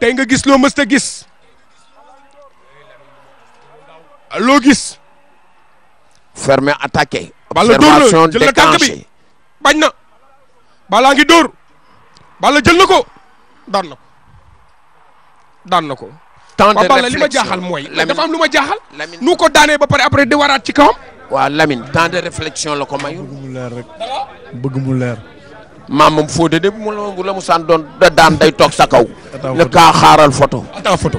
tey nga gis loo mësta gis loo gis. fermé attaqué. observation déclenchée jël na tànk bi bañ na. Balla ngi dóor. Balla jël na ko daan na ko ko. temps de réflexion li ma jaaxal mooy. dafa am lu ma jaaxal. nu ko daanee ba pare après de waraat ci kawam. waa Lamine temps de réflexion la ko mayu. bëgg maamam Fodé de mu la mu sant doon daan day toog sa kaw. ne kaa xaaral photo. ataa photo.